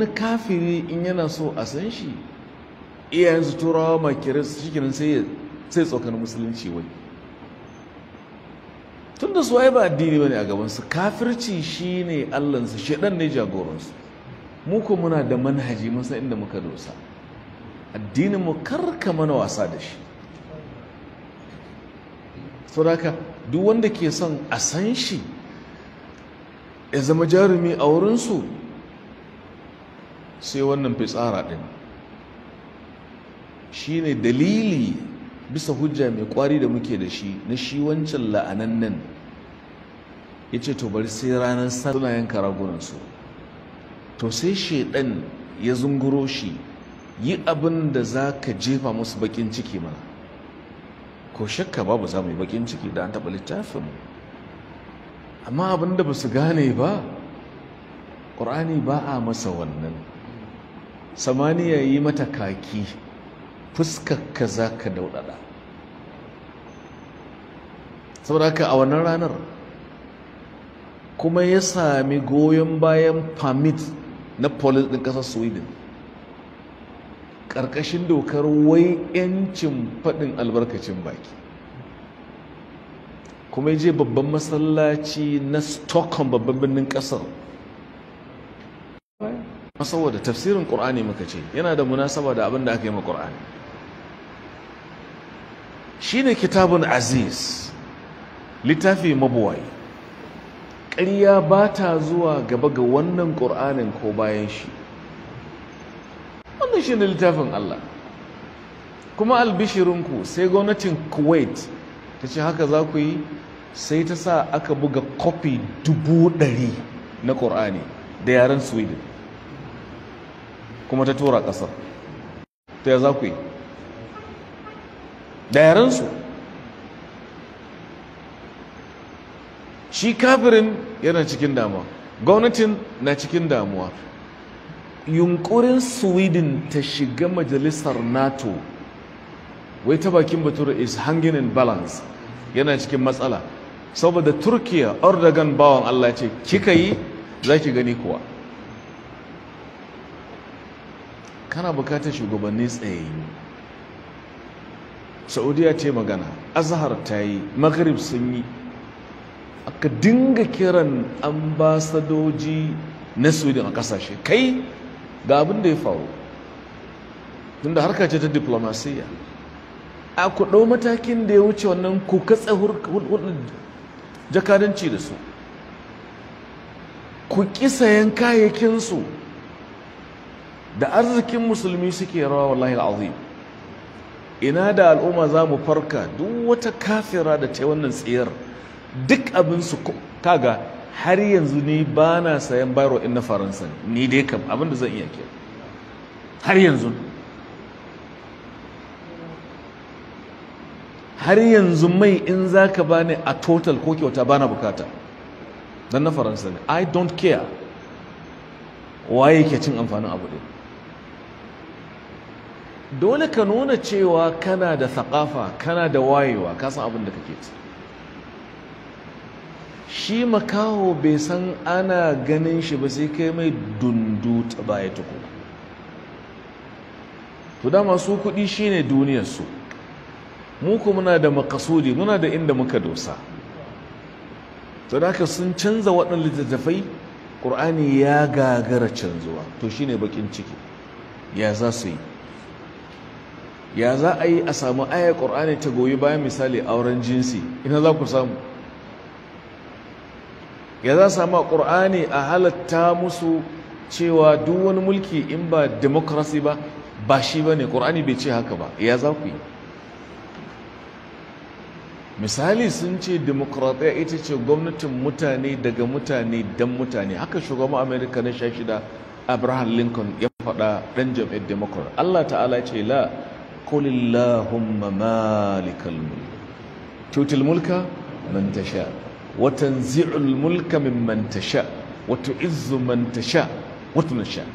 wani kafiri in yana so a san shi iyayensu turawa kira su shikirin sai tsokan musulunci wai tun da su ai ba addini ba ne a gabansu kafirci shi ne allansu shaɗan ne jagoransu mu ko muna da manhaji masa inda muka dosa addinin mu karka mana wasa da shi saboda duk wanda ke son a san shi ya zama jarumi a wurinsu sai wannan fitsara ɗin shi ne dalili bisa hujja mai kwari da muke da shi na shi wancan nan ya ce to bari sai ranar suna yanka ragunansu to sai shaidan ya zunguro shi yi abin da za ka jefa musu bakin ciki mana ko shakka babu za mu yi bakin ciki da an taɓa littafin amma abin da ba su gane ba ƙur'ani ba a masa wannan samaniya yi mata kaki fuskarka za ka daudada saboda haka a wannan ranar kuma ya sami goyon bayan permit na polis ɗin ƙasar sweden ƙarƙashin dokar wai 'yancin faɗin albarkacin baki kuma ya je babban masallaci na stockholm babban birnin ƙasar saboda tafsirin ƙur'ani muka ce yana da munasaba da abin da aka yi ma ƙur'ani shi ne kitabun aziz littafi Mabuwayi. ƙarya ba ta zuwa gaba ga wannan ƙur'anin ko bayan shi wannan shi ne littafin allah kuma albishirinku sai gwamnatin kuwait ta ce haka za ku yi sai ta sa aka buga kofi dubu ɗari na ƙur'ani da yaren sweden kuma ta tura ƙasar ta ku yi da yarensu shi kafirin yana cikin damuwa gwamnatin na cikin damuwa yunkurin sweden ta shiga majalisar nato wai ta bakin batura is hanging in balance yana cikin matsala saboda turkiya ordagan bawan allah ce kika yi za ki gani kuwa kana bukatar shugabanni tsayayyu saudiya ce magana azhar ta yi maghrib sun yi aka dinga kiran ambasadoji na sweden a kasashe kai ga abin da ya faru tunda harka ce ta diplomasiya. a ku ɗau matakin da ya wuce wannan ku katsa jakadanci da su ku ƙi kayayyakin kayayyakinsu da arzikin musulmi suke rawa wallahi al'azim ina da al'umma za mu farka duk wata kafira da ta wannan tsayar duk abin su kaga har yanzu ni ba na sayan bayarwa in na faransa ni dai kam abin da zan iya ke har yanzu har yanzu mai in za ka bani a total ko kyauta ba na bukata don na faransa ne i don't care waye ke cin amfanin abu ɗaya dole ka nuna cewa kana da thakafa kana da wayewa kasan abin da kake ci shi makaho bai san ana ganin shi ba sai kai mai dundu ta baya tuku to dama su kuɗi shine duniyarsu mu kuma muna da makasudi muna da inda muka dosa to haka sun canza waɗannan littattafai ƙur'ani ya gagara canzuwa to shine bakin ciki ya za su yi ya za a yi a samu ayar ƙorani ta goyi bayan misali auren jinsi ina za ku samu ya za a samu a ƙorani a halatta musu cewa duk wani mulki in ba demokrasi ba ba shi ba ne ƙorani bai ce haka ba ya za ku yi misali sun ce demokratiya ita ce gwamnatin mutane daga mutane don mutane haka shugaban amerika na sha shida abraham lincoln ya faɗa ɗan jam'iyyar demokrasi allah ta'ala ce la قل اللهم مالك الملك تؤتي الملك من تشاء وتنزع الملك ممن تشاء وتعز من تشاء وتنشاء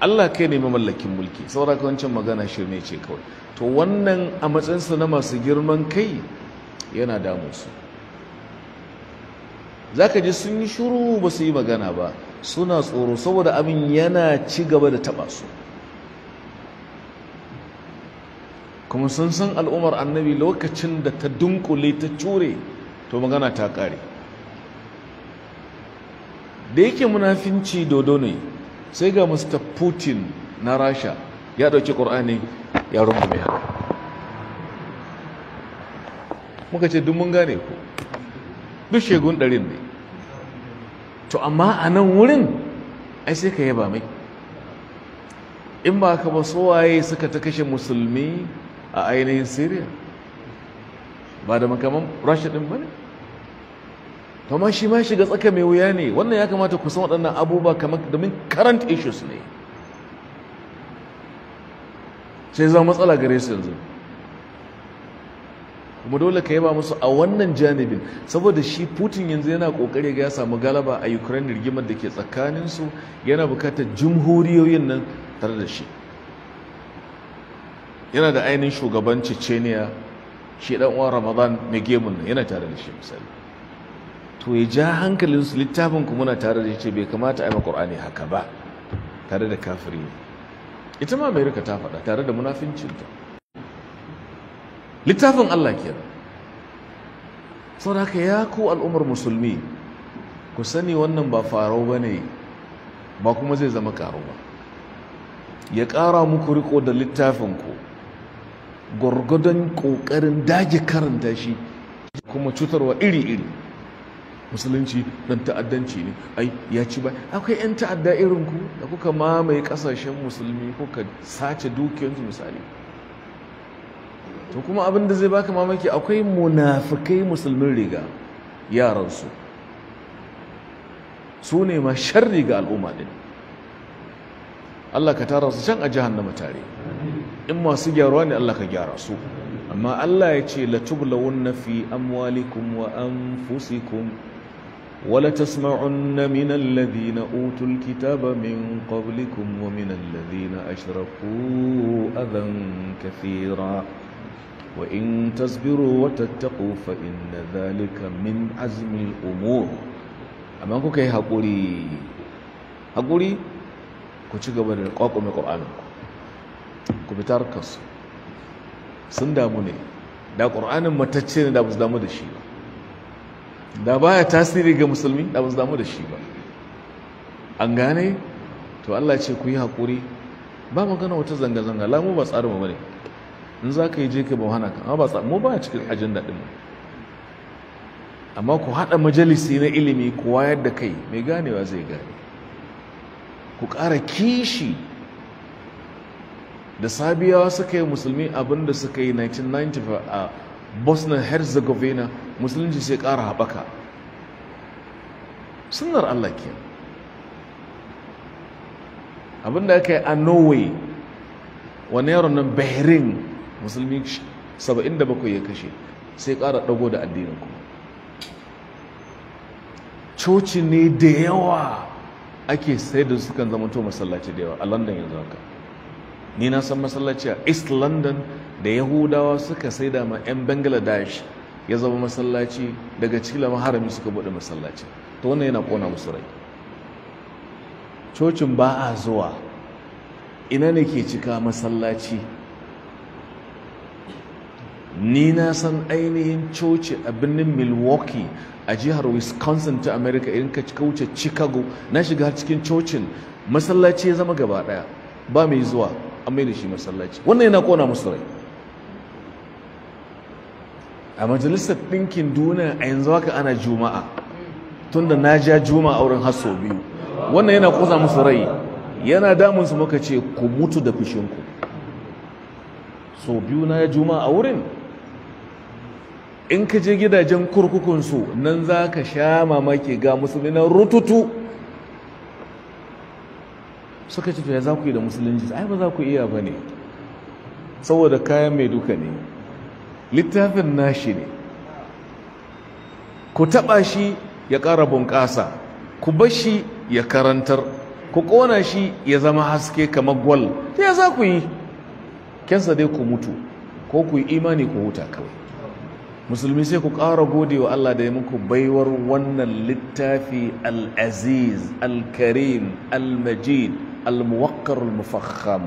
Allah kai ne mamallakin mulki saboda wancan magana shirme ce kawai to wannan a su na masu girman kai yana damu su zaka ji sun yi shuru ba su yi magana ba suna tsoro saboda abin yana ci gaba da taba su kuma sun san al'ummar annabi lokacin da ta dunkule ta cure to magana ta kare da yake munafinci dodo ne sai ga mr putin na rasha ya dauki ƙor'ani ya mai haka muka ce mun gane ku duk shegun ɗarin ne to amma a nan wurin ai sai ka yaba mai in ba ka ba sowaye suka ta kashe musulmi a ainihin syria ba da makaman rasha din ba ne to ma shi ma shiga tsaka mai wuya ne wannan ya kamata ku san waɗannan abubuwa kamar domin current issues ne sai zama matsala gare su yanzu kuma dole ka yaba musu a wannan janibin saboda shi putin yanzu yana kokari ga ya samu galaba a ukraine rigimar da ke tsakaninsu yana bukatar jimhuriyoyin nan tare da shi yana da ainihin shugaban ceceniya shi dan uwan ramadan mai gemun nan yana tare da shi misali to ya ja hankalin su littafin ku muna tare da shi bai kamata a yi qur'ani haka ba tare da kafiri ne ita ma america ta faɗa tare da munafincinta littafin allah kenan saboda haka ya ku al'ummar musulmi ku sani wannan ba farau ba ne ba kuma zai zama karu ba ya ƙara muku riko da littafin ku. gwargwadon ƙoƙarin dage karanta shi kuma cutarwa iri-iri musulunci dan ta'addanci ne ai ya ci ba akwai 'yan ta'adda irin ku da kuka mamaye kasashen musulmi kuka sace dukiyarsu misali to kuma abin da zai baka mamaki akwai munafikai musulmin riga yaransu su ne ma sharri riga al'umma din Allah ka tara su can a na tare إما سجاراني الله ne Allah ka gyara su amma Allah ya ce latublawunna ولا تسمعن من الذين أوتوا الكتاب من قبلكم ومن الذين أشرقوا أذى كثيرا وإن تصبروا وتتقوا فإن ذلك من عزم الأمور أما كي هقولي هقولي كنت قبل القرآن fitar kansu sun damu ne da ƙur'anin matacce ne da ba su damu da shi ba da baya tasiri ga musulmi da ba su damu da shi ba an gane to Allah ce ku yi haƙuri ba magana wata zanga-zanga lamu ba tsari ba ne? in za ka yi je ka ba hana ka amma ba tsari mu ba cikin ajin din amma ku haɗa majalisi na ilimi ku wayar da kai mai ganewa zai gane ku ƙara kishi da sabiyawa suka yi musulmi abinda suka yi 1990 a bosnia herzegovina musulunci sai kara haɓaka sunar allah ke abinda aka yi a norway wani yaron nan behrin musulmi 77 ya kashe sai kara ɗago da addinin kuma coci ne da yawa ake sai da sukan zama to masallaci da yawa a london yanzu haka ni na san masallaci a east london da yahudawa suka sai da ma 'yan bangladesh ya zama masallaci daga cikin harami suka buɗe masallaci ta wannan yana kona musu rai cocin ba a zuwa ina ne ke cika masallaci ni na san ainihin coci a birnin milwaukee a jihar wisconsin ta america irin ka wuce chicago na shiga cikin cocin masallaci ya zama gaba daya ba mai zuwa an mai da shi masallaci wannan yana kona musu rai a majalisar ɗinkin duniya a yanzu haka ana juma'a tunda na ja juma'a wurin haso biyu wannan yana kusa musu rai yana damunsu muka ce ku mutu da fushinku so biyu na ya juma'a a wurin in ka je gidajen kurkukunsu nan za ka sha mamaki ga musulmi na rututu suka ce to ya za ku yi da musulunci ai ba za ku iya ba ne saboda kayan mai duka ne littafin nashi ne ku taɓa shi ya ƙara bunƙasa ku bar shi ya karantar ku ƙona shi ya zama haske kamar gwal ta ya za ku yi kyansa dai ku mutu ko ku yi imani ku huta kawai musulmi sai ku ƙara gode wa Allah da ya muku baiwar wannan littafi al-aziz al-karim al-majid الموقر المفخم